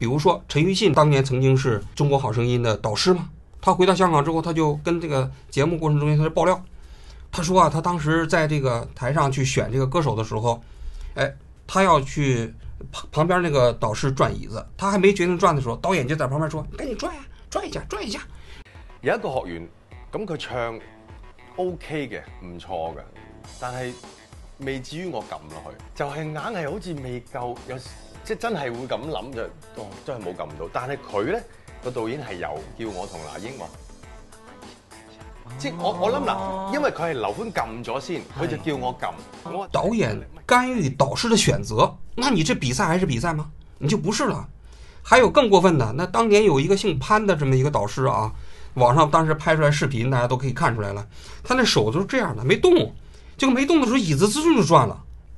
比如說，陳奕迅當年曾經是中國好聲音的導師嘛，他回到香港之後，他就跟這個節目過程中間，他就爆料，他說啊，他當時在這個台上去選這個歌手的時候，哎，他要去旁邊那個導師轉椅子，他還沒決定轉的時候，導演就在旁邊說：“趕緊轉呀，啊，轉一下，轉一下。”有一個學員，咁佢唱 OK 嘅，唔錯嘅，但係未至於我撳落去，就係硬係好似未夠有。即真係會咁諗就，都真係冇撳到。但係佢呢個導演係有叫我同那英話，即我我諗嗱，因為佢係劉歡撳咗先，佢就叫我撳。哎、呀我導演干預導師的選擇，那你這比賽還是比賽嗎？你就不是了。還有更過分的，那當年有一個姓潘的咁嘅一個導師啊，網上當時拍出來視頻，大家都可以看出來了，他那手就是這樣的，沒動，就個沒動的時候椅子自動就轉了。